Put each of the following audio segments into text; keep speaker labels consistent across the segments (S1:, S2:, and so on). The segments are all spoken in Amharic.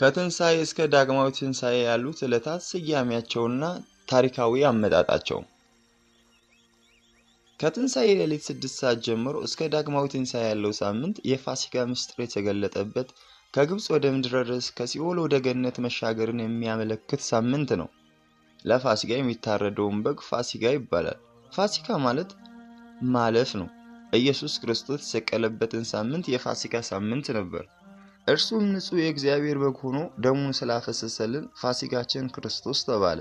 S1: ከትንሣኤ እስከ ዳግማዊ ትንሣኤ ያሉት ዕለታት ስያሜያቸውና ታሪካዊ አመጣጣቸው ከትንሣኤ ሌሊት ስድስት ሰዓት ጀምሮ እስከ ዳግማዊ ትንሣኤ ያለው ሳምንት የፋሲካ ምስጢር የተገለጠበት ከግብፅ ወደ ምድረ ርዕስ ከሲኦል ወደ ገነት መሻገርን የሚያመለክት ሳምንት ነው። ለፋሲካ የሚታረደውን በግ ፋሲካ ይባላል። ፋሲካ ማለት ማለፍ ነው። ኢየሱስ ክርስቶስ የተሰቀለበትን ሳምንት የፋሲካ ሳምንት ነበር። እርሱም ንጹሕ የእግዚአብሔር በግ ሆኖ ደሙን ስላፈሰሰልን ፋሲካችን ክርስቶስ ተባለ።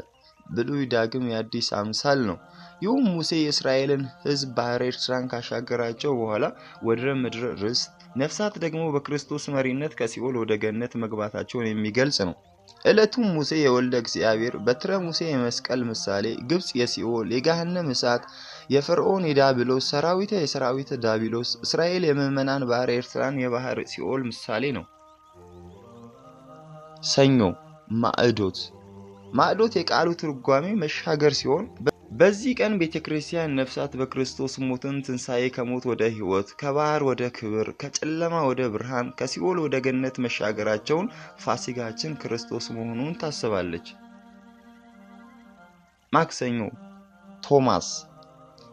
S1: ብሉይ ዳግም የአዲስ አምሳል ነው። ይሁም ሙሴ የእስራኤልን ሕዝብ ባህረ ኤርትራን ካሻገራቸው በኋላ ወደ ምድር ርስት፣ ነፍሳት ደግሞ በክርስቶስ መሪነት ከሲኦል ወደ ገነት መግባታቸውን የሚገልጽ ነው። ዕለቱም ሙሴ የወልደ እግዚአብሔር፣ በትረ ሙሴ የመስቀል ምሳሌ፣ ግብፅ የሲኦል የገሃነም እሳት፣ የፈርዖን የዳቢሎስ ሰራዊተ የሰራዊተ ዳቢሎስ፣ እስራኤል የምዕመናን ባህር ኤርትራን የባህር ሲኦል ምሳሌ ነው።
S2: ሰኞ ማዕዶት ማዕዶት የቃሉ ትርጓሜ መሻገር ሲሆን በዚህ ቀን ቤተ ክርስቲያን ነፍሳት በክርስቶስ ሞትን ትንሣኤ ከሞት ወደ ሕይወት፣ ከባህር ወደ ክብር፣ ከጨለማ ወደ ብርሃን፣ ከሲኦል ወደ ገነት መሻገራቸውን ፋሲጋችን ክርስቶስ መሆኑን ታስባለች። ማክሰኞ ቶማስ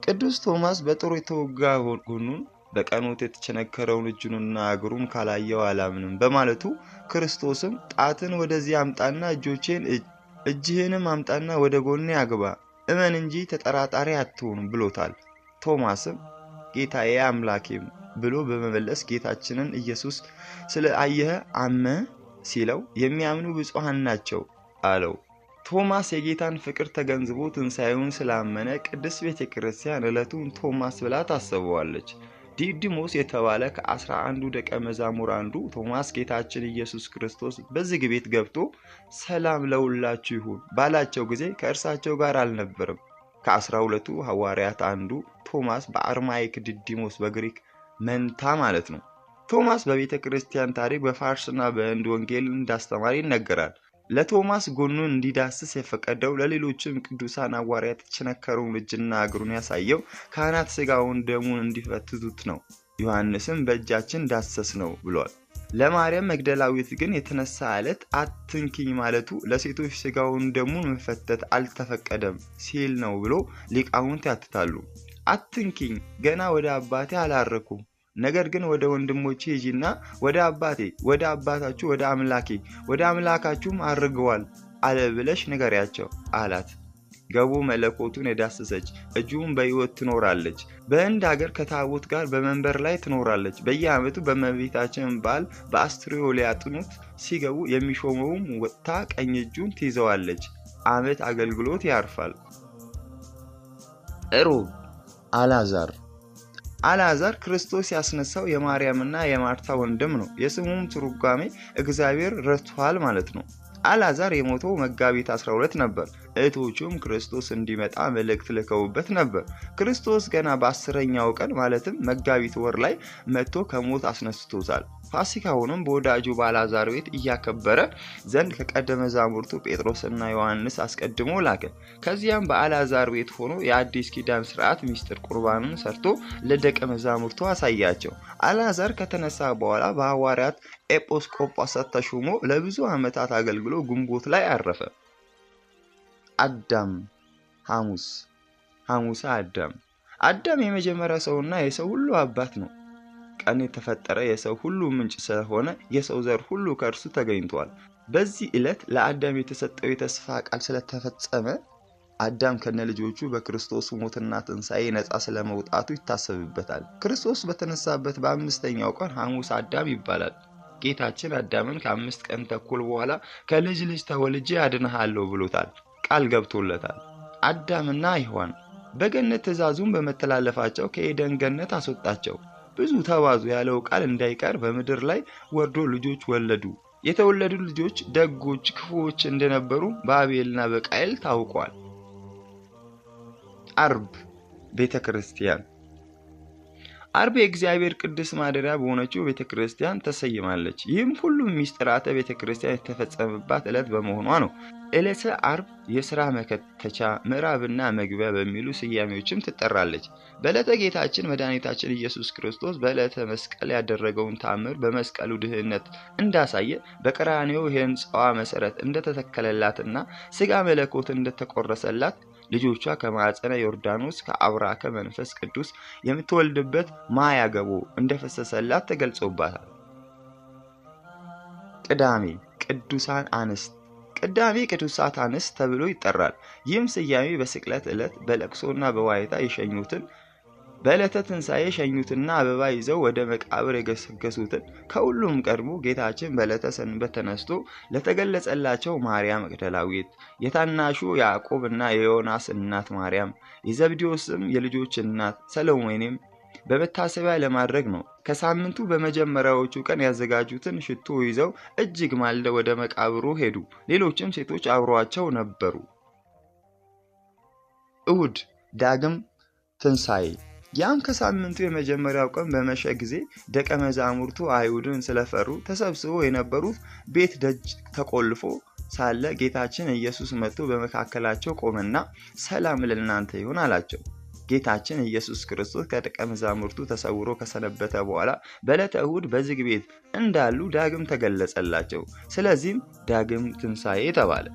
S2: ቅዱስ ቶማስ በጦር የተወጋ ጎኑን በቀኖት የተቸነከረውን እጁንና እግሩን ካላየው አላምንም በማለቱ ክርስቶስም ጣትን ወደዚህ አምጣና እጆቼን እጅህንም አምጣና ወደ ጎኔ አግባ እመን እንጂ ተጠራጣሪ አትሁን ብሎታል። ቶማስም ጌታዬ አምላኬም ብሎ በመመለስ ጌታችንን ኢየሱስ ስለ አየህ አመ ሲለው የሚያምኑ ብፁሐን ናቸው አለው። ቶማስ የጌታን ፍቅር ተገንዝቦ ትንሣኤውን ስላመነ ቅድስት ቤተ ክርስቲያን ዕለቱን ቶማስ ብላ ታስበዋለች። ዲዲሞስ የተባለ ከአስራ አንዱ ደቀ መዛሙር አንዱ ቶማስ ጌታችን ኢየሱስ ክርስቶስ በዝግ ቤት ገብቶ ሰላም ለሁላችሁ ይሁን ባላቸው ጊዜ ከእርሳቸው ጋር አልነበርም። ከአስራ ሁለቱ ሐዋርያት አንዱ ቶማስ በአርማይክ ዲዲሞስ በግሪክ መንታ ማለት ነው። ቶማስ በቤተ ክርስቲያን ታሪክ በፋርስና በህንድ ወንጌል እንዳስተማር ይነገራል። ለቶማስ ጎኑን እንዲዳስስ የፈቀደው ለሌሎችም ቅዱሳን ሐዋርያት የተቸነከረውን እጅና እግሩን ያሳየው ካህናት ስጋውን ደሙን እንዲፈትቱት ነው። ዮሐንስም በእጃችን ዳሰስ ነው ብሏል። ለማርያም መግደላዊት ግን የተነሳ አለት አትንኪኝ ማለቱ ለሴቶች ስጋውን ደሙን መፈተት አልተፈቀደም ሲል ነው ብሎ ሊቃውንት ያትታሉ። አትንኪኝ ገና ወደ አባቴ አላረኩም ነገር ግን ወደ ወንድሞቼ ሂጂና ወደ አባቴ ወደ አባታችሁ ወደ አምላኬ ወደ አምላካችሁም አድርገዋል አለ ብለሽ ንገሪያቸው አላት። ገቡ መለኮቱን የዳሰሰች እጁም በሕይወት ትኖራለች። በህንድ ሀገር ከታቦት ጋር በመንበር ላይ ትኖራለች። በየዓመቱ በመቤታችን በዓል በአስትሪዮ ሊያጥኑት ሲገቡ የሚሾመውም ወጥታ ቀኝ እጁን ትይዘዋለች። ዓመት አገልግሎት ያርፋል።
S3: እሮብ አላዛር አልዓዛር ክርስቶስ ያስነሳው የማርያምና የማርታ ወንድም ነው። የስሙም ትርጓሜ እግዚአብሔር ረድቷል ማለት ነው። አልዓዛር የሞተው መጋቢት 12 ነበር። እህቶቹም ክርስቶስ እንዲመጣ መልእክት ልከውበት ነበር። ክርስቶስ ገና በአስረኛው ቀን ማለትም መጋቢት ወር ላይ መጥቶ ከሞት አስነስቶታል። ፋሲካውንም በወዳጁ ባላዛር ቤት እያከበረ ዘንድ ከቀደመ መዛሙርቱ ጴጥሮስና ዮሐንስ አስቀድሞ ላከ። ከዚያም በአላዛር ቤት ሆኖ የአዲስ ኪዳን ስርዓት ሚስጥር ቁርባንን ሰርቶ ለደቀ መዛሙርቱ አሳያቸው። አላዛር ከተነሳ በኋላ በሐዋርያት ኤጲስቆጶሳት ተሾሞ ለብዙ ዓመታት አገልግሎ ግንቦት ላይ አረፈ። አዳም ሐሙስ ሐሙሰ አዳም አዳም የመጀመሪያ ሰውና የሰው ሁሉ አባት ነው። ቀን የተፈጠረ የሰው ሁሉ ምንጭ ስለሆነ የሰው ዘር ሁሉ ከእርሱ ተገኝቷል። በዚህ ዕለት ለአዳም የተሰጠው የተስፋ ቃል ስለተፈጸመ አዳም ከነልጆቹ በክርስቶስ ሞትና ትንሣኤ ነፃ ስለመውጣቱ ይታሰብበታል። ክርስቶስ በተነሳበት በአምስተኛው ቀን ሐሙስ አዳም ይባላል። ጌታችን አዳምን ከአምስት ቀን ተኩል በኋላ ከልጅ ልጅ ተወልጄ አድንሃለሁ ብሎታል። ቃል ገብቶለታል። አዳምና ሔዋን በገነት ትእዛዙን በመተላለፋቸው ከኤደን ገነት አስወጣቸው። ብዙ ተባዙ ያለው ቃል እንዳይቀር በምድር ላይ ወርዶ ልጆች ወለዱ። የተወለዱ ልጆች ደጎች፣ ክፉዎች እንደነበሩ በአቤልና በቃይል ታውቋል።
S4: አርብ ቤተ ክርስቲያን አርብ የእግዚአብሔር ቅዱስ ማደሪያ በሆነችው ቤተ ክርስቲያን ተሰይማለች። ይህም ሁሉም ሚስጥራተ ቤተ ክርስቲያን የተፈጸመባት ዕለት በመሆኗ ነው። ዕለተ አርብ የሥራ መከተቻ ምዕራብና መግቢያ በሚሉ ስያሜዎችም ትጠራለች። በዕለተ ጌታችን መድኃኒታችን ኢየሱስ ክርስቶስ በዕለተ መስቀል ያደረገውን ታምር በመስቀሉ ድህነት እንዳሳየ በቀራኔው የሕንፃዋ መሠረት እንደተተከለላትና ሥጋ መለኮት እንደተቆረሰላት ልጆቿ ከማዕፀነ ዮርዳኖስ ከአብራከ መንፈስ ቅዱስ የምትወልድበት ማያገቦ እንደፈሰሰላት ተገልጾባታል።
S5: ቅዳሜ ቅዱሳን አንስት ቅዳሜ ቅዱሳት አንስት ተብሎ ይጠራል። ይህም ስያሜ በስቅለት ዕለት በለቅሶና በዋይታ የሸኙትን በዕለተ ትንሣኤ ሸኙትና አበባ ይዘው ወደ መቃብር የገሰገሱትን ከሁሉም ቀድሞ ጌታችን በዕለተ ሰንበት ተነስቶ ለተገለጸላቸው ማርያም መግደላዊት፣ የታናሹ ያዕቆብ እና የዮናስ እናት ማርያም፣ የዘብዴዎስም የልጆች እናት ሰለሞኔም በመታሰቢያ ለማድረግ ነው። ከሳምንቱ በመጀመሪያዎቹ ቀን ያዘጋጁትን ሽቶ ይዘው እጅግ ማልደው ወደ መቃብሩ ሄዱ። ሌሎችም ሴቶች አብሯቸው ነበሩ።
S6: እሁድ ዳግም ትንሣኤ ያን ከሳምንቱ የመጀመሪያው ቀን በመሸ ጊዜ ደቀ መዛሙርቱ አይሁድን ስለፈሩ ተሰብስቦ የነበሩት ቤት ደጅ ተቆልፎ ሳለ ጌታችን ኢየሱስ መጥቶ በመካከላቸው ቆመና ሰላም ለእናንተ ይሁን አላቸው። ጌታችን ኢየሱስ ክርስቶስ ከደቀ መዛሙርቱ ተሰውሮ ከሰነበተ በኋላ በዕለተ እሁድ በዝግ ቤት እንዳሉ ዳግም ተገለጸላቸው። ስለዚህም ዳግም ትንሣኤ ተባለ።